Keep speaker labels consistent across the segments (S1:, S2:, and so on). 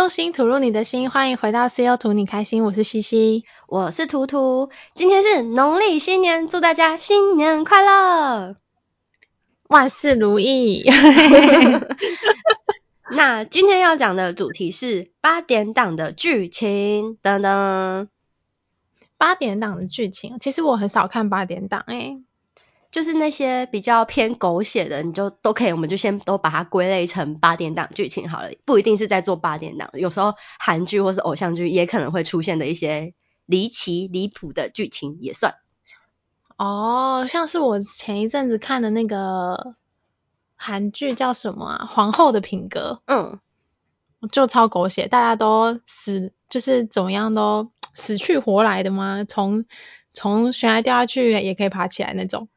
S1: 用心吐露你的心，歡迎回到 C.O. 圖你開心，我是西西，我是圖圖，
S2: 今天是農曆新年，祝大家新年快樂，萬事如意。那今天要講的主題是八點檔的劇情，噔噔，八點檔的劇
S1: 情，其實我很少看八點檔哎、欸。
S2: 就是那些比較偏狗血的，你就都可以，我們就先都把它歸類成八點檔劇情好了，不一定是在做八點檔，有時候韓劇或是偶像劇也可能會出現的一些離奇離譜的劇
S1: 情也算。哦，像是我前一陣子看的那個韓劇叫什麼啊？皇後的品格。嗯，就超狗血，大家都死，就是怎麼樣都死去活來的嗎？從從懸崖掉下去也可以爬起來那種。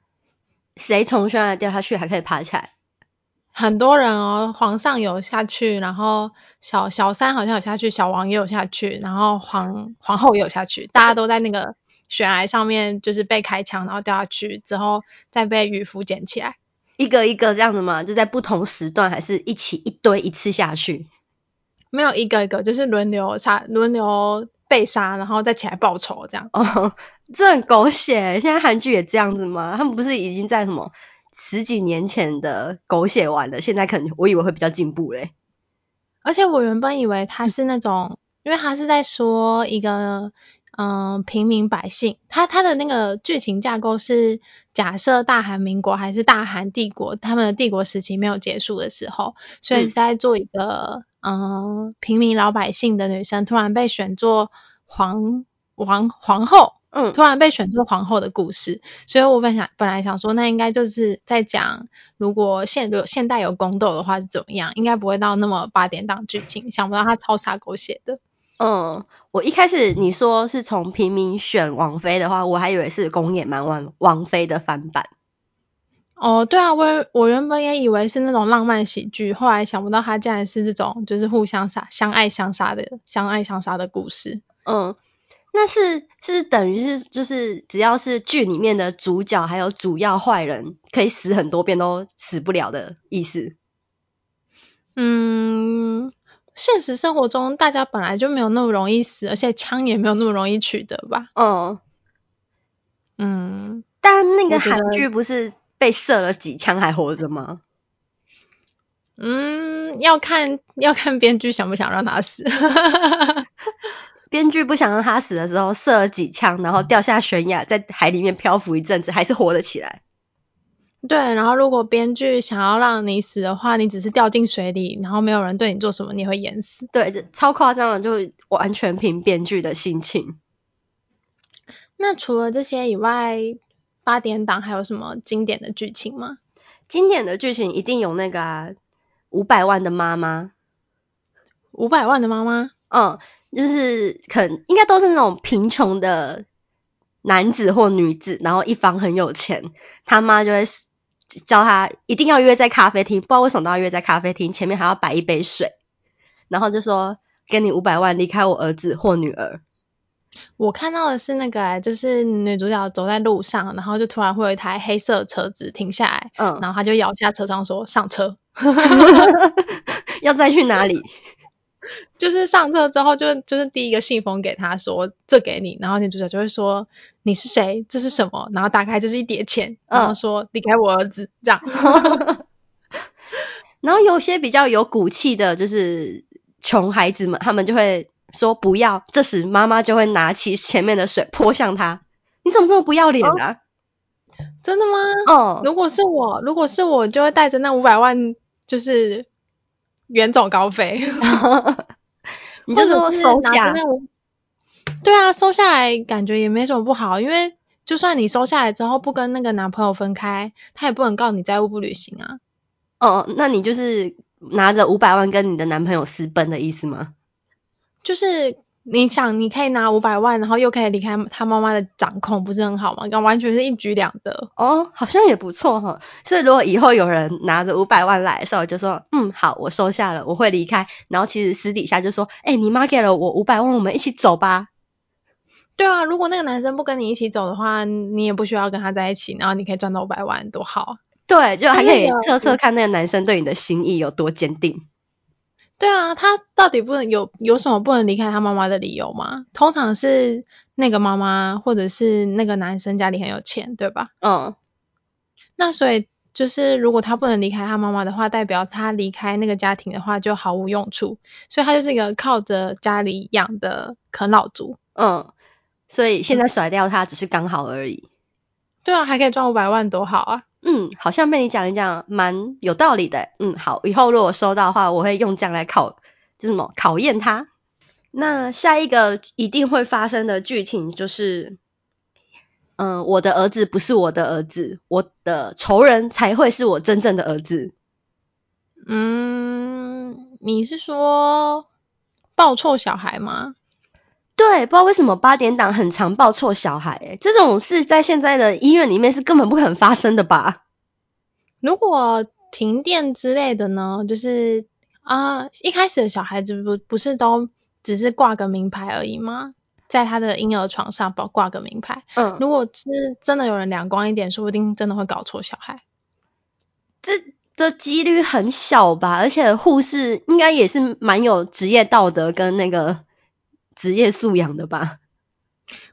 S1: 誰從懸崖掉下去還可以爬起來？很多人哦，皇上有下去，然後小小三好像有下去，小王也有下去，然後皇皇後也有下去，大家都在那個懸崖上面，就是被開槍然後掉下去之後再被漁夫撿起來，一個一個這樣子嘛？就在不同時段，還是一起
S2: 一堆一次下去？
S1: 沒有一個一個，就是輪流差輪流。輪流被殺，然後再起來報仇這樣，
S2: 哦，這很狗血。現在韓劇也這樣子嘛？他們不是已經在什麼十幾年前的狗血完了？現在可能我以為會比較進步嘞，
S1: 而且我原本以為他是那種，因為他是在說一個嗯、呃、平民百姓，他他的那個劇情架構是假設大韓民國還是大韓帝國，他們的帝國時期沒有結束的時候，所以是在做一個。嗯嗯，平民老百姓的女生突然被選做皇皇皇後，嗯，突然被選做皇後的故事，嗯、所以我本想本來想說，那應該就是在講如果現有現代有宮鬥的話是怎麼樣，應該不會到那麼八點檔劇情。想不到他超灑狗血的，嗯，
S2: 我一開始你說是從平民選王妃的話，我還以為是《宮野蠻王王妃》的翻版。
S1: 哦，對啊，我我原本也以為是那種浪漫喜劇，後來想不到它竟然是這種，就是互相殺、相愛相殺的相愛相殺的故事。嗯，那是、就是等於是就是
S2: 只要是劇裡面的主角還有主要壞人可以死很多遍都死不了的意思。
S1: 嗯，現實生活中大家本來就沒有那麼容易死，而且槍也沒有那麼容易取得吧？嗯嗯，
S2: 但那個韓劇不是。被射了幾槍還活着嗎？嗯，
S1: 要看要看編劇想不想讓他死。
S2: 編 劇不想讓他死的時候，射了幾槍，然後掉下懸崖，在海裡面漂浮一陣子，還是活得起來。
S1: 對，然後如果編劇想要讓你死的話，你只是掉進水裡，然後沒有人對你做什麼，你會淹死。對，超誇張的，就完全憑編劇的心情。那除了這些以外？八點檔還有什麼經典的劇情嗎？經典的
S2: 劇情一定有那個啊、五百萬的媽媽，五百萬的媽媽，嗯，就是可能應該都是那種貧窮的男子或女子，然後一方很有錢，他媽就會叫他一定要約在咖啡廳，不知道為什麼都要約在咖啡廳，前面還要擺一杯水，然後就說，給你五百萬，離開我兒子或女兒。
S1: 我看到的是那個，就是女主角走在路上，然後就突然會有一台黑色車子停下來，嗯，然後她就搖下車窗說：“上車， 要再去哪裡？”就是上車之後就，就就是第一個信封給他說：“這給你。”然後女主角就會說：“你是誰？這是什麼？”然後打開就是一疊錢，然後說：“嗯、離開我兒子。”這樣。
S2: 然後有些比較有骨氣的，就是窮孩子們，他們就會。說不要，這時媽媽就會拿起前面的水潑向他。你
S1: 怎麼這麼不要臉啊？哦、真的嗎？哦如果是我，如果是我，就會帶着那五百萬，就是遠走高飛。哦、你就是收下說是，對啊，收下來感覺也沒什麼不好，因為就算你收下來之後不跟那個男朋友分開，他也不能告你債務不履行啊。
S2: 哦，那你就是拿着五百萬跟你的男朋友私奔的意思嗎？
S1: 就是你想，你可以拿五百萬，然後又可以離開他媽媽的掌控，不是很好嗎？那完全是一舉兩得哦，好像也不錯哈。所以如果以後有人
S2: 拿着五百萬來的時候，就說嗯，好，我收下了，我會離開。然後其實私底下就說，哎，你媽給了我五百萬，我們一起走吧。
S1: 對啊，如果那個男生不跟你一起走的話，你也不需要跟他在一起，然後你可以賺到五百萬，多好。
S2: 對，就還可以測測看那個男生對你的心意有多堅定。
S1: 對啊，他到底不能有有什麼不能離開他媽媽的理由嗎？通常是那個媽媽或者是那個男生家裡很有錢，對吧？嗯，那所以就是如果他不能離開他媽媽的話，代表他離開那個家庭的話就毫無用處，所以他就是一個靠着家裡養的啃老族。嗯，所以現在甩掉他只是
S2: 剛好而已。嗯、對啊，還可以賺五百萬，多好啊！嗯，好像被你講一講蠻有道理的。嗯，好，以後如果收到的話，我會用這樣來考，就什麼考驗他。那下一個一定會發生的劇情就是，嗯、呃，我的兒子不是我的兒子，我的仇人才會是我真正的兒子。嗯，你是說抱錯小孩嗎？對，不知道為什麼八點檔很常抱錯小孩，哎，這種事在現在的醫院裡面是根本不可能發生的吧？
S1: 如果停電之類的呢？就是啊、呃，一開始的小孩子不不是都只是掛個名牌而已嗎？在他的嬰兒床上掛掛個名牌，嗯，如果是真的有人兩光一點，說不定真的會搞錯小孩，
S2: 這的幾率很小吧？而且護士應該也是蠻有職業道德跟那個。職業素養的吧。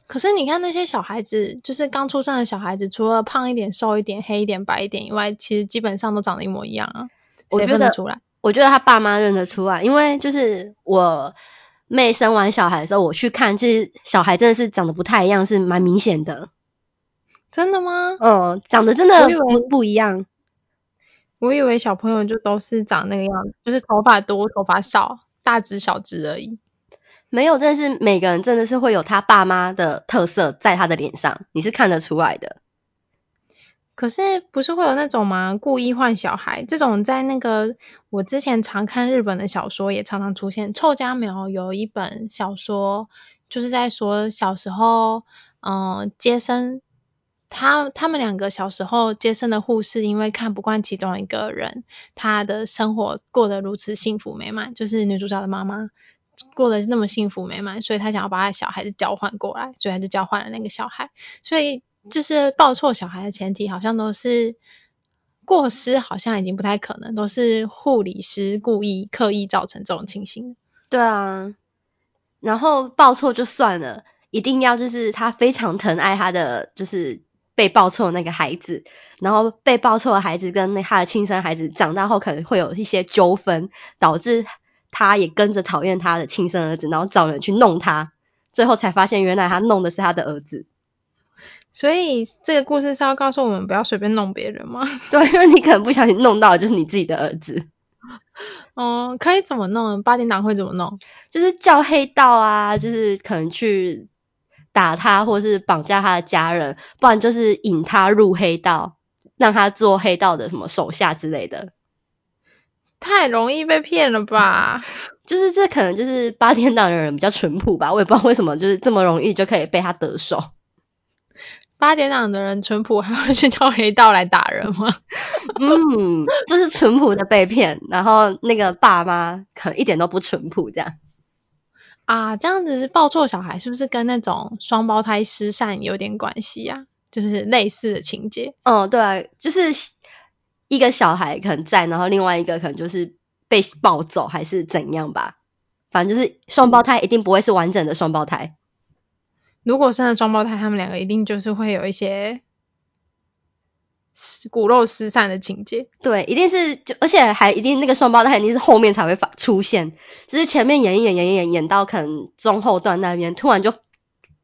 S1: 可是你看那些小孩子，就是剛出生的小孩子，除了胖一點、瘦一點、黑一點、白一點以外，其實基本上都長得一模一樣啊。我覺得，誰認得出
S2: 來，我覺得他爸媽認得出來，因為就是我妹生完小孩的時候，我去看，其實小孩真的是長得不太一樣，是蠻明顯的。
S1: 真的嗎？嗯，長得真的不，不一樣。我以，我以為小朋友就都是長那個樣子，就是頭髮多、頭髮少、大隻小隻而已。
S2: 沒有，真是每個人真的是會有他爸媽的特色在他的臉上，你是看得出來的。
S1: 可是不是會有那種嗎？故意換小孩這種，在那個我之前常看日本的小說也常常出現。湊佳苗有一本小說，就是在說小時候，嗯、呃，接生他他們兩個小時候接生的護士，因為看不慣其中一個人，他的生活過得如此幸福美滿，就是女主角的媽媽。過得那麼幸福美滿，所以他想要把他的小孩子交換過來，所以他就交換了那個小孩。所以就是抱錯小孩的前提，好像都是過失，好像已經不太可能，都是護理師故意刻意造成這種情形。對啊，
S2: 然後抱錯就算了，一定要就是他非常疼愛他的，就是被抱錯那個孩子，然後被抱錯的孩子跟那他的親生孩子長大後可能會有一些糾紛，導致。他也跟着討厭他的親生兒子，然後找人去弄他，最後才發現原來他弄的是他的兒子。
S1: 所以這個故事是要告訴我們不要隨便弄別人嘛，
S2: 對，因為你可能不小心弄到的就是你自己的兒子。
S1: 哦、呃，可以怎麼弄？八點檔會怎麼弄？就
S2: 是叫黑道啊，就是可能去打他，或者是綁架他的家人，不然就是引他入黑道，讓他做黑道的什麼手下之類
S1: 的。太容易被騙了吧？
S2: 就是這可能就是八點檔的人比較淳樸吧，我也不知道為什麼，就是這麼容易就可以被他得手。
S1: 八點檔的人淳樸，還會去叫黑道來打人嗎？嗯，
S2: 就是淳樸的被騙， 然後那個爸媽可能一點都不淳樸這樣。
S1: 啊，這樣子是抱錯小孩，是不是跟那種雙胞胎失散有點關係呀、啊？就是類似的情節。哦，對、啊，就是。一個小孩可
S2: 能在，然後另外一個可能就是被抱走還是怎樣吧。反正就是雙胞胎一定不會是完整的雙胞胎。
S1: 如果生了雙胞胎，他們兩個一定就是會有一些骨肉失散的情節。對，一定
S2: 是就而且還一定那個雙胞胎一定是後面才會發出現，就是前面演一演演一演演到可能中後段那邊突然就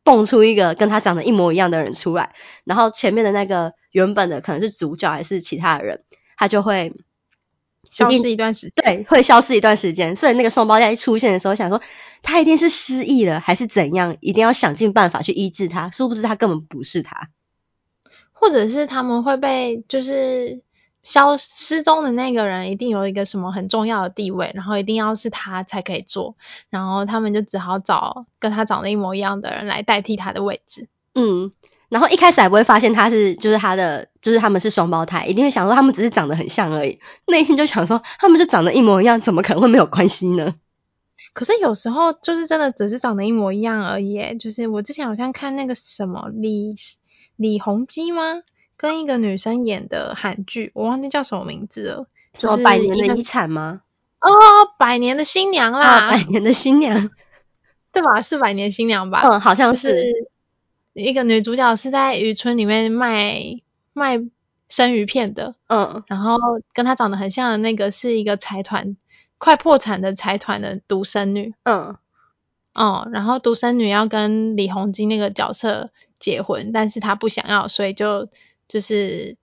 S2: 蹦出一個跟他長得一模一樣的人出來，然後前面的那個原本的可能是主角還是其他的人。他就會消失一段時間，對，會消失一段時間。所以那個雙胞胎一出現的時候，想說他一定是失憶了，還是怎樣？一定要想盡辦法去醫治他，殊不知他根本不是他。
S1: 或者是他們會被就是消失，失蹤的那個人一定有一個什麼很重要的地位，然後一定要是他才可以做，然後他們就只好找跟他長得一模一樣的人來代替他的位置。嗯，然
S2: 後一開始還不會發現他是就是他的。就是他們是雙胞胎，一定會想說他們只是長得很像而已，內心就想說他們就長得一模一樣，怎麼可能會沒有關係呢？
S1: 可是有時候就是真的只是長得一模一樣而已。就是我之前好像看那個什麼李李弘基嗎？跟一個女生演的韓劇，我忘記叫什麼名字了，就是、什麼百年的遺產嗎？哦，百年的新娘啦，啊、百年的新娘，對吧？是百年新娘吧？嗯，好像是，是一個女主角是在漁村裡面賣。賣生魚片的，嗯，然後跟她長得很像的那個是一個財團，快破產的財團的獨生女，嗯，哦、嗯，然後獨生女要跟李弘基那個角色結婚，但是她不想要，所以就就是誒、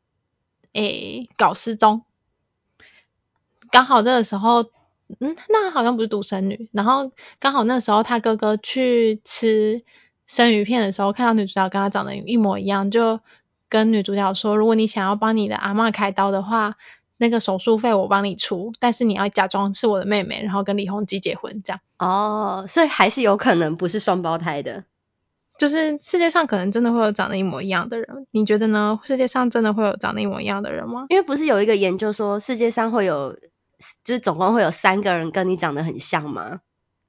S1: 欸、搞失蹤。剛好這個時候，嗯，那好像不是獨生女。然後剛好那時候他哥哥去吃生魚片的時候，看到女主角跟她長得一模一樣，就。跟女主角說，如果你想要幫你的阿嬤開刀的話，那個手術費我幫你出，但是你要假裝是我的妹妹，然後跟李弘基結婚這樣。哦，
S2: 所以還是有可能不是雙胞胎的，
S1: 就是世界上可能真的會有長得一模一樣的人，你覺得呢？世界上真的會有長得一模一樣的人嗎？因為不是有一個研究說世
S2: 界上會有，就是總共會有三個人跟你長得很像嗎？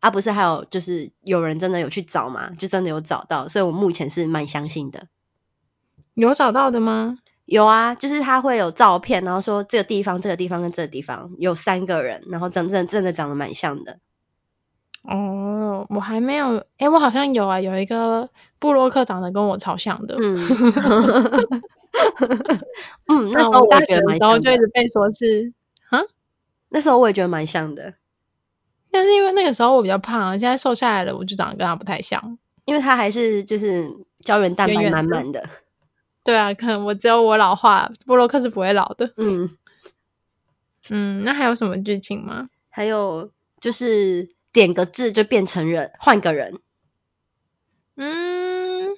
S2: 啊，不是，還有就是有人真的有去找嘛，就真的有找到，所以我目前是蠻相信的。有找到的嗎？有啊，就是他會有照片，然後說這個地方、這個地方跟這個地方有三個人，然後真正真的長得蠻像的。
S1: 哦，我還沒有，誒，我好像有啊，有一個部落客長得跟我超像的。嗯，那時候我覺得，然後就一直被說是
S2: 啊，嗯、那時候我也覺得蠻像的，但是因為那個時候我比較胖，現在
S1: 瘦下來了，我就長得跟他不太像。因為他還是就是膠原蛋白滿滿，滿的。遠遠的對啊，可能我只有我老化，布洛克是不會老的。嗯嗯，那還有什麼劇情嗎？還有就是點個痣就變
S2: 成人，換個人。嗯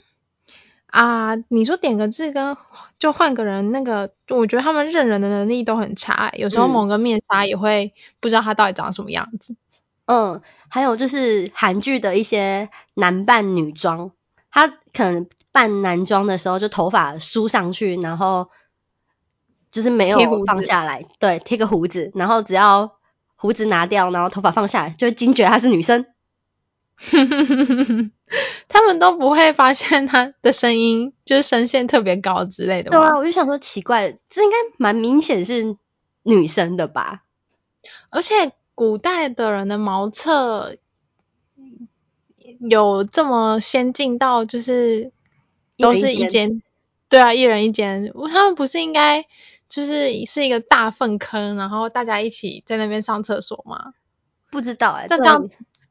S1: 啊，你說點個痣跟就換個人那個，我覺得他們認人的能力都很差，有時候蒙個面紗也會不知道他到底長什麼樣子嗯。
S2: 嗯，還有就是韓劇的一些男扮女裝，他可能。扮男裝的時候，就頭髮梳上去，然後就是沒有放下來，貼鬍子。對，貼個鬍子，然後只要鬍子拿掉，然後頭髮放下來，就驚覺她是女生。
S1: 他們都不會發現她的聲音就是聲線特別高之類的。對啊，我就想說奇怪，這應該蠻明顯是女生的吧？而且古代的人的茅廁有這麼先進到就是。都是一間，一一對啊，一人一間。他們不是應該就是是一個大糞坑，然後大家一起在那邊上廁所嗎？不知道哎、欸，那當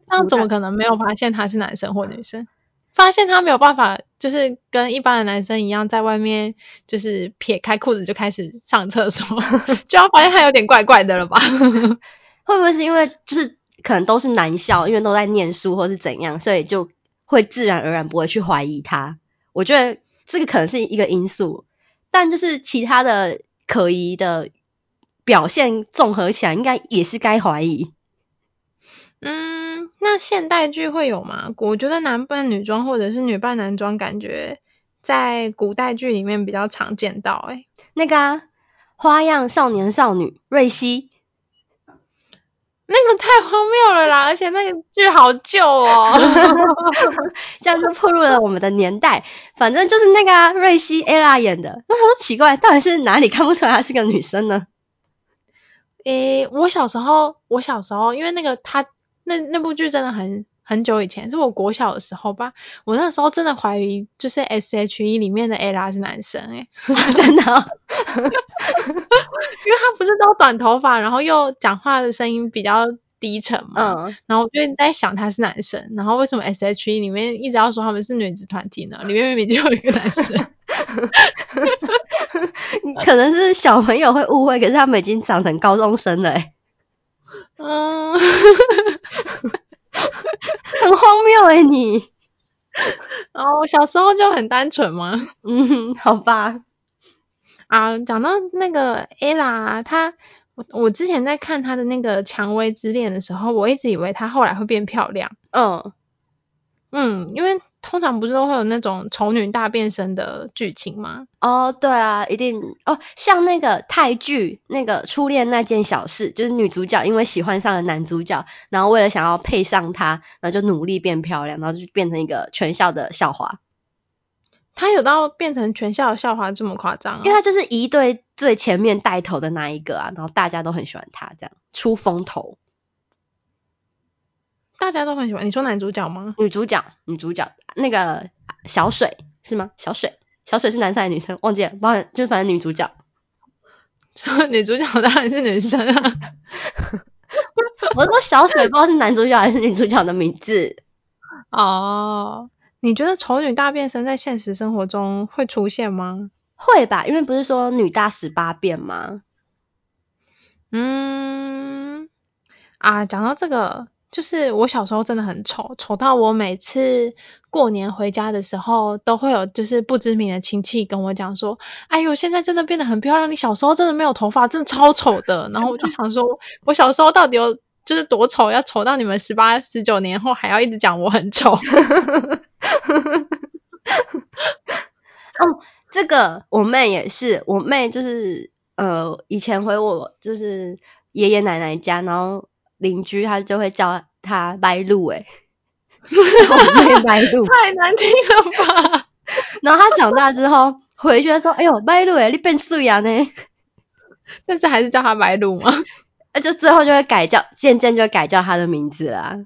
S1: 那怎麼可能沒有發現他是男生或女生？嗯、發現他沒有辦法，就是跟一般的男生一樣，在外面就是撇開褲子就開始上廁所， 就要發現他有點怪怪的了吧？
S2: 會不會是因為就是可能都是男校，因為都在念書或是怎樣，所以就會自然而然不會去懷疑他？我覺得這個可能是一個因素，但就是其他的可疑的表現綜合起來，應該也是該懷疑。嗯，
S1: 那現代劇會有嗎？我覺得男扮女裝或者是女扮男裝，感覺在古代劇裡面比較常見到。欸，誒，那個啊，花樣少年少女，瑞希。那個太荒謬了啦，而且那個劇好舊
S2: 哦， 這樣就暴露了我們的年代。反正就是那個、啊、瑞希艾拉演的，我感奇怪，到底是哪裡看不出來她是個女生呢？誒、
S1: 欸，我小時候，我小時候，因為那個她那那部劇真的很很久以前，是我國小的時候吧。我那時候真的懷疑，就是 S H E 裡面的艾、e、拉是男生誒、欸， 真的、哦。 然後短頭髮，然後又講話的聲音比較低沉嘛，嗯、然後我就在想他是男生，然後為什麼 S H E 裡面一直要說他們是女子團體呢？裡面明明明就有一個男生，
S2: 可能是小朋友會誤會，可是他們已經長成
S1: 高中生了嗯， 很荒謬哎、欸、你，然後、哦、小時候就很單純嗎？嗯，好吧。啊，講到那個 Ella 啊，她，我我之前在看她的那個《薔薇之戀》的時候，我一直以為她後來會變漂亮。嗯嗯，因為通常不是都會有那種醜女大變身的劇情嗎？哦，對啊，一定哦。像那個泰劇那個《初戀那
S2: 件小事》，就是女主角因為喜歡上了男主角，然後為了想要配上他，然後就努力變漂亮，然後就變成一個全校的校花。
S1: 他有到變成全校的笑話這麼誇張啊？因
S2: 為他就是一對最前面帶頭的那一個啊，然後大家都很喜歡他，這樣出風頭。
S1: 大家都很喜歡，你說
S2: 男主角嗎？女主角，女主角那個小水是嗎？小水，小水是男生還是女生？忘記了，反正就反正女主角。
S1: 說 女主角當然是女生啊。 我說小水不知道是男主角還是女主角的名字。哦。Oh. 你覺得醜女大變身在現實生活中會出現嗎？會吧，因為不是說女大十八變嗎？嗯，啊，講到這個，就是我小時候真的很醜，醜到我每次過年回家的時候，都會有就是不知名的親戚跟我講說：“哎呦，現在真的變得很漂亮，你小時候真的沒有頭髮，真的超醜的。”然後我就想說，我小時候到底有就是多醜，要醜到你們十八、十九年後還要一直講我很醜。 呵呵呵
S2: 呵哦，這個我妹也是，我妹就是呃，以前回我就是爺爺奶奶家，然後鄰居他就會叫他麥露、欸、露，哎， 太難聽了吧？ 然後他長大之後 回去，他說：“哎呦，麥露、欸，哎，你變素雅呢？”但是還是叫他麥露嗎？啊， 就最後就會改叫，漸漸就會改叫他的名字啦。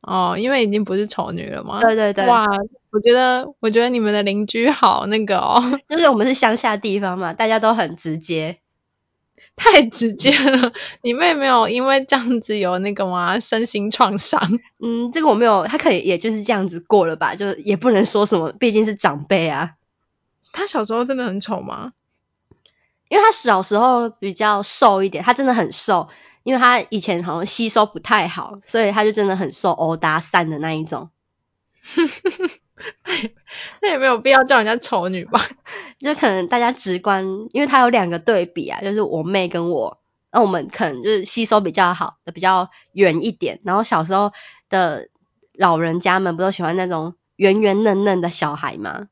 S2: 哦，
S1: 因為已經不是醜女了嘛。對對對。哇，我覺得，我覺得你們的鄰居好那個哦，就是我們是鄉下地方嘛，大家都很直接，太直接了。你妹沒有因為這樣子有那個嗎？身心創傷？嗯，這個我沒有，她可以也就是這樣子過了吧，就也不能說什麼，畢竟是長輩啊。
S2: 她小時候真的很醜嗎？因為她小時候比較瘦一點，她真的很瘦。因為他以前好像吸收不太好，所以他就真的很受毆打散的那一種。那 也沒有必要叫人家醜女吧？就可能大家直觀，因為他有兩個對比啊，就是我妹跟我，那、啊、我們可能就是吸收比較好的，比較圓一點。然後小時候的老人家們不都喜歡那種圓圓嫩嫩的小孩嗎？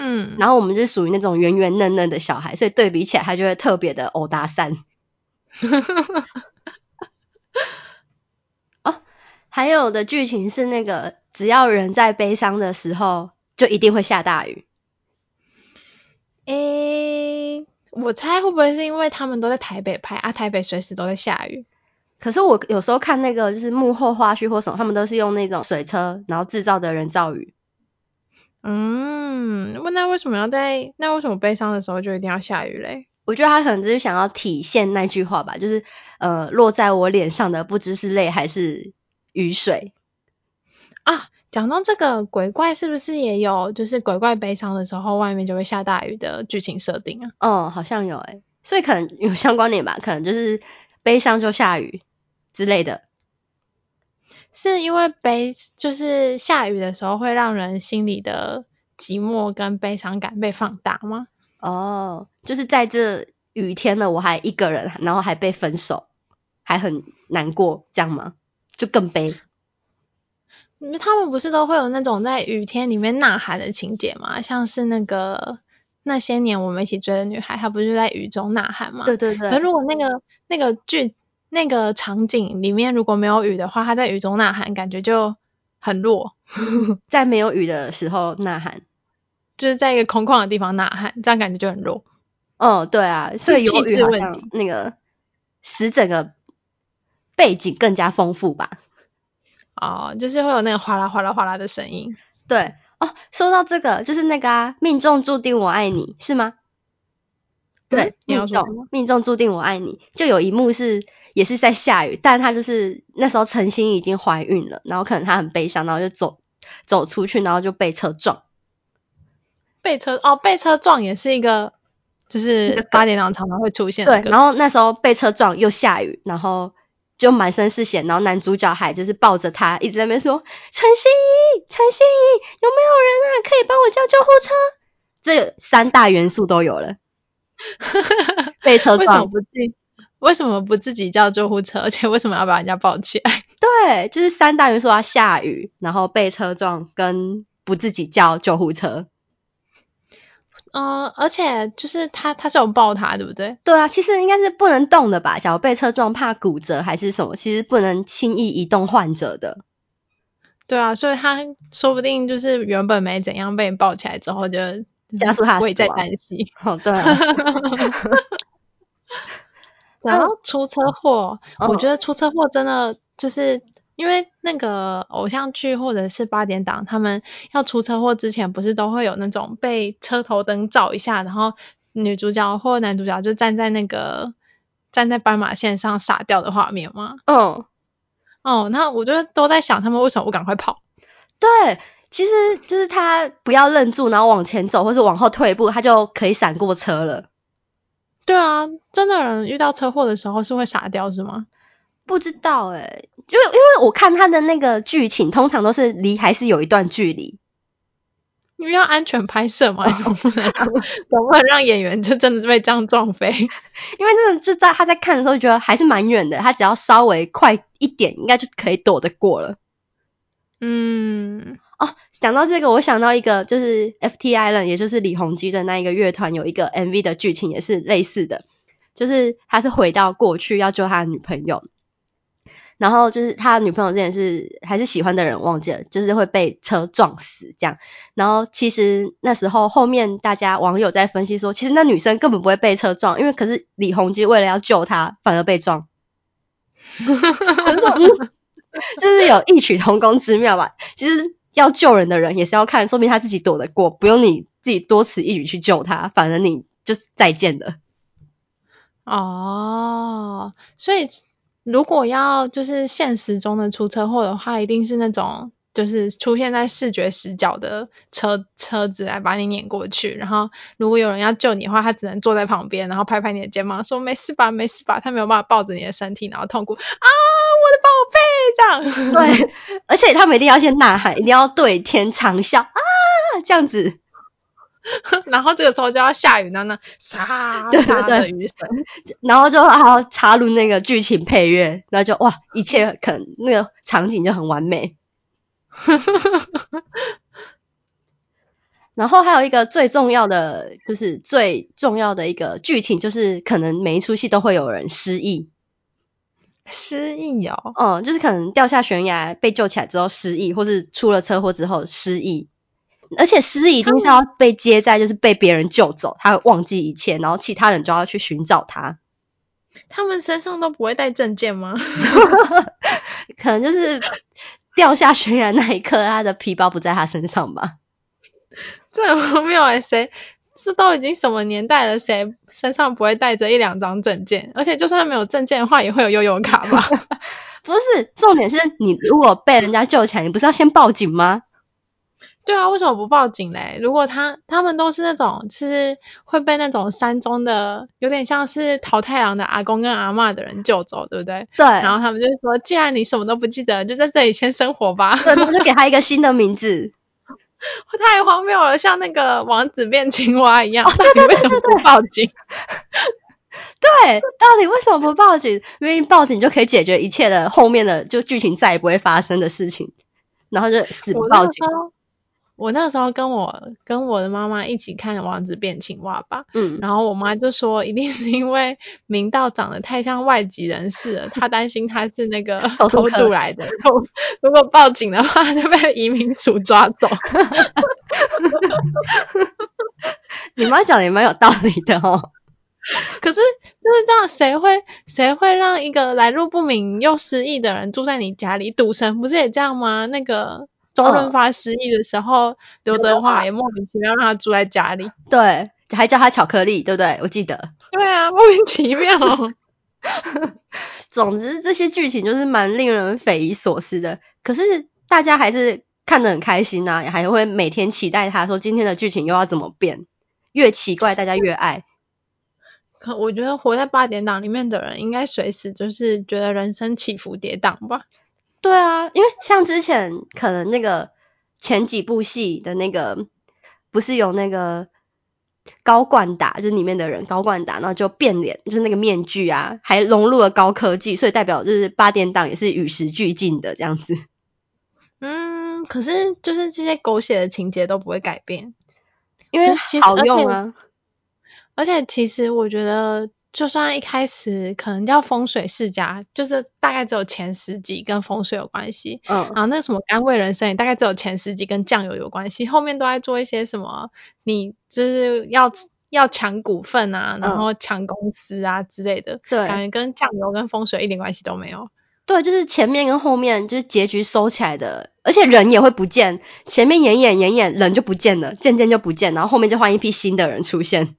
S2: 嗯，然後我們就屬於那種圓圓嫩嫩的小孩，所以對比起來，他就會特別的毆打散。 哦，還有的劇情是那個，只要人在悲傷的時候，就一定會下大雨。
S1: 誒、欸、我猜會不會是因為他們都在台北拍，啊台北隨時都在下雨。可是我有時候看那個就是幕後花絮或什麼，他們都是
S2: 用那種水車然後製造的人造雨。
S1: 嗯，那為什麼要在，那為什麼悲傷的時候就一定要下雨嘞？我覺得他可能只是想要體現那句
S2: 話吧，就是呃，落在我臉上的不知是淚還是雨水
S1: 啊。講到這個鬼怪，是不是也有就是鬼怪悲傷的時候外面就會下大雨的劇情設定啊？哦，好像有誒，所以可能有相關點吧，可能就是悲傷就下雨之類的。是因為悲就是下雨的時候會讓人心裡的寂寞跟悲傷感被放大嗎？哦，oh, 就是在這雨天了，我還一個人，然
S2: 後還被分手，還很難過，這樣嗎？就更悲。
S1: 他們不是都會有那種在雨天裡面吶喊的情節嗎？像是那個那些年我們一起追的女孩，她不是在雨中吶喊嗎？對對對。可是如果那個那個劇那個場景裡面如果沒有雨的話，她在雨中吶喊，感覺就很弱。 在沒有雨的時候吶喊。就是在一個空曠的地方吶喊，這樣感覺就很弱。
S2: 哦，對啊，所以氣質問題那個，使整個背景更加豐富吧。
S1: 哦，就是會有那個嘩啦嘩啦嘩啦的聲音。
S2: 對哦，說到這個，就是那個啊，命中注定我愛你是嗎？對，命中命中注定我愛你，就有一幕是也是在下雨，但他就是那時候陳欣已經懷孕了，然後可能他很悲傷，然後就走走出去，然後就被車撞。
S1: 被車哦，被車撞也是一個，就是、那個、八點檔常常會出現的。對，然
S2: 後那時候被車撞又下雨，然後就滿身是血，然後男主角還就是抱着他一直在那邊說：“ 陳欣怡，陳欣怡，有沒有人啊？可以幫我叫救護車？”這三大元素都有了。被 車撞為
S1: 什麼不自己為什麼不自己叫救護車？而且為什麼要把人家抱起來？
S2: 對，就是三大元素：要下雨，然後被車撞，跟不自己叫救護車。
S1: 嗯、呃，而且就是他，他是有抱他，對不對？
S2: 對啊，其實應該是不能動的吧？腳被車撞，怕骨折還是什麼？其實不能輕易移動患者的。
S1: 對啊，所以他說不定就是原本沒怎樣，被人抱起來之後就在加速他擔心、啊。好、哦、對、啊。 然後出車禍，哦、我覺得出車禍真的就是。因為那個偶像劇或者是八點檔，他們要出車禍之前，不是都會有那種被車頭燈照一下，然後女主角或男主角就站在那個站在斑馬線上傻掉的畫面嗎？嗯、哦。哦，那我就都在想，他們為什麼不趕快跑？對，其實就是他不要愣住，然後往前走或者往後
S2: 退一步，他就可以閃過車了。對啊，真
S1: 的人遇到車禍的時候是會傻掉，是嗎？不知道哎、欸，就因為我看他的那個劇
S2: 情，通常都是離還是有一段距離。
S1: 因為要安全拍攝嘛，總不能總不能讓演員就真的是被這樣撞飛。因為真的就在他在看
S2: 的時候，覺得還是蠻遠的。他只要稍微快一點，應該就可以躲得過了。嗯，哦，想到這個，我想到一個，就是 F T Island，也就是李弘基的那一個樂團，有一個 M V 的劇情也是類似的，就是他是回到過去要救他的女朋友。然後就是他女朋友，之前是還是喜歡的人，忘記了，就是會被車撞死這樣。然後其實那時候後面大家網友在分析說，其實那女生根本不會被車撞，因為可是李弘基為了要救她，反而被撞。就是有異曲同工之妙吧？ 其實要救人的人也是要看，說不定他自己躲得過，不用你自己多此一舉去救他，反正你就是再見了。
S1: 哦，所以。如果要就是現實中的出車禍的話，一定是那種就是出現在視覺死角的車車子來把你碾過去。然後如果有人要救你的話，他只能坐在旁邊，然後拍拍你的肩膀說沒事吧，沒事吧。他沒有辦法抱着你的身體，然後痛哭啊，我的寶貝這樣。嗯、對，而且
S2: 他們一定要先吶喊，一定要對天長嘯啊，這樣子。
S1: 然後這個時候就要下雨，那那沙，沙的雨聲， 對對對
S2: 然後就還要插入那個劇情配樂，然後就哇，一切可能那個場景就很完美。 然後還有一個最重要的就是最重要的一個劇情，就是可能每一出戲都會有人失憶，失憶哦，嗯，就是可能掉下懸崖被救起來之後失憶，或是出了車禍之後失憶。而且失憶一定是要被接在，們就是被別人救走，他會忘記一切，然後其他人就要去尋找他。
S1: 他們身上都不會帶證件嗎？
S2: 可能就是掉下懸崖那一刻，他的皮包不在他身上吧？
S1: 這我沒有哎，誰？這都已經什麼年代了，誰身上不會帶着一兩張證件？而且就算他沒有證件的話，也會有悠遊卡吧？
S2: 不是，重點是你如果被人家救起來，你不是要先報警嗎？
S1: 對啊，為什麼不報警嘞？如果他他們都是那種，就是會被那種山中的，有點像是桃太郎的阿公跟阿嬤的人救走，對不對？對。然後他們就說：“既然你什麼都不記得，就在這裡先生活吧。”對，他們就給他一個新的名字。 太荒謬了，像那個王子變青蛙一樣。哦、對，對，對，對到底為什麼不報警？對，到底為什麼不
S2: 報警？ 因為報警就可以解決一切的，後面的就劇情再也不會發生的事情。然後就死不報警。
S1: 我那時候跟我跟我的媽媽一起看《王子變青蛙》吧，嗯，然後我媽就說，一定是因為明道長得太像外籍人士了， 她擔心他是那個偷渡來的，偷如果報警的話就被移民署抓走。你媽講的也蠻有道理的哦。可是就是這樣，誰會誰會讓一個來路不明又失憶的人住在你家裡？賭神不是也這樣嗎？那個。周潤發失憶的時候，劉德華也莫名其妙讓他住在家裡，
S2: 對，還叫他巧克力，對不對？我記得。
S1: 對啊，莫名其妙哦。
S2: 總之，這些劇情就是蠻令人匪夷所思的。可是大家還是看得很開心啊，還會每天期待他說今天的劇情又要怎麼變，越奇怪大家越愛。
S1: 可我覺得活在八點檔裡面的人，應該隨時就是覺得人生起伏跌宕吧。對啊，因為像之前
S2: 可能那個前幾部戲的那個，不是有那個高冠打，就是裡面的人高冠打，然後就變臉，就是那個面具啊，還融入了高科技，所以代表就是八點檔也是與時俱進的這樣子。嗯，
S1: 可是就是這些狗血的情節都不會改變，因為其實且好用啊。而且其實我覺得。就算一開始可能叫風水世家，就是大概只有前十集跟風水有關係，嗯，然後那什麼甘味人生也大概只有前十集跟醬油有關係，後面都在做一些什麼，你就是要要搶股份啊，嗯、然後搶公司啊之類的，嗯、對，感覺跟醬油跟風水一點關係都沒有。
S2: 對，就是前面跟後面就是結局收起來的，而且人也會不見，前面演演演演人就不見了，漸漸就不見，然後後面就換一批新的人出現。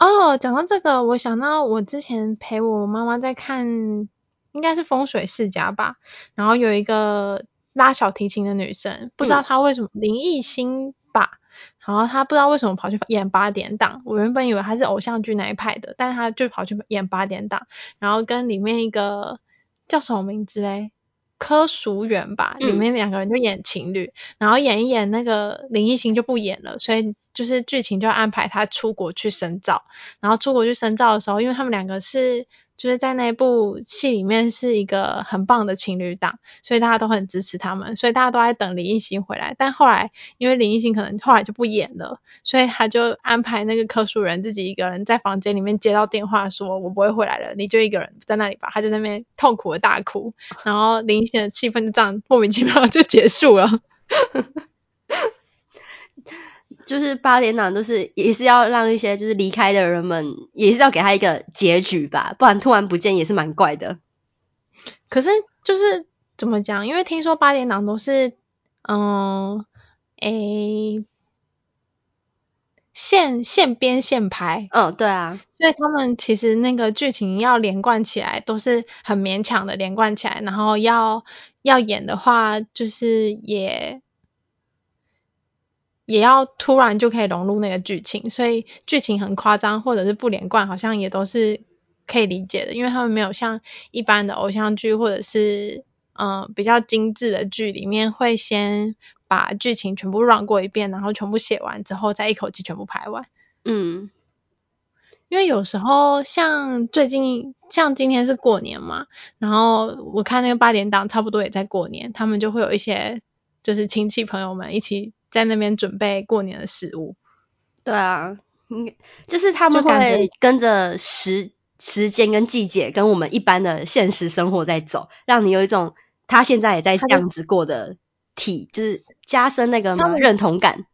S1: 哦，講到這個，我想到我之前陪我媽媽在看，應該是《風水世家》吧，然後有一個拉小提琴的女生，不知道她為什麼、嗯、林逸欣吧，然後她不知道為什麼跑去演八點檔，我原本以為她是偶像劇那一派的，但是她就跑去演八點檔，然後跟裡面一個叫什麼名字嘞，柯淑媛吧，裡面兩個人就演情侶，嗯、然後演一演那個林逸欣就不演了，所以。就是劇情就安排他出國去深造，然後出國去深造的時候，因為他們兩個是就是在那部戲裡面是一個很棒的情侶檔，所以大家都很支持他們，所以大家都在等林依晨回來。但後來因為林依晨可能後來就不演了，所以他就安排那個科書人自己一個人在房間裡面接到電話說，說我不會回來了，你就一個人在那裡吧。他就在那邊痛苦的大哭，然後林依晨的戲份就這樣莫名其妙就結束了。 就是八點檔都是，
S2: 也是要讓一些就是離開的人們也是要給他一個結局吧，不然突然不見也是蠻怪
S1: 的。可是就是怎麼講？因為聽說八點檔都是嗯誒、欸、現現編現拍，嗯對啊，所以他們其實那個劇情要連貫起來都是很勉強的連貫起來，然後要要演的話就是也。也要突然就可以融入那個劇情，所以劇情很誇張或者是不連貫，好像也都是可以理解的，因為他們沒有像一般的偶像劇或者是嗯比較精緻的劇裡面，會先把劇情全部 run 過一遍，然後全部寫完之後再一口氣全部拍完。嗯，因為有時候像最近像今天是過年嘛，然後我看那個八點檔差不多也在過年，他們就會有一些就是親戚朋友們一起。在那邊準備過年的食物，對啊，嗯，就是他們會
S2: 跟着時時間跟季節跟我們一般的現實生活在走，讓你有一種他現在也在這樣子過的體，就是加深那個他們認同感，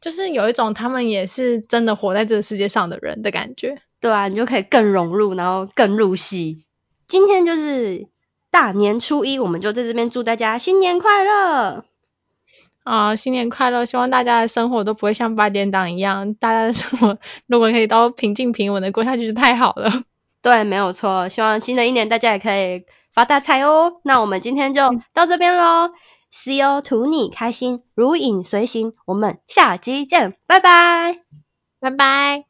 S1: 就是有一種他們也是真的活在這個世界上的人的感覺。
S2: 對啊，你就可以更融入，然後更入
S1: 戲。今天就是大年初一，我們就在這邊祝大家新年快樂。啊，新年快樂！希望大家的生活都不會像八點檔一樣，大家的生活如果可以都平靜平穩的過下去，就太好了。對，沒有錯。
S2: 希望新的一年大家也可以發大財哦。那我們今天就到這邊嘍，嗯，See you，圖你開心如影隨形，我們下期見，拜拜，拜拜。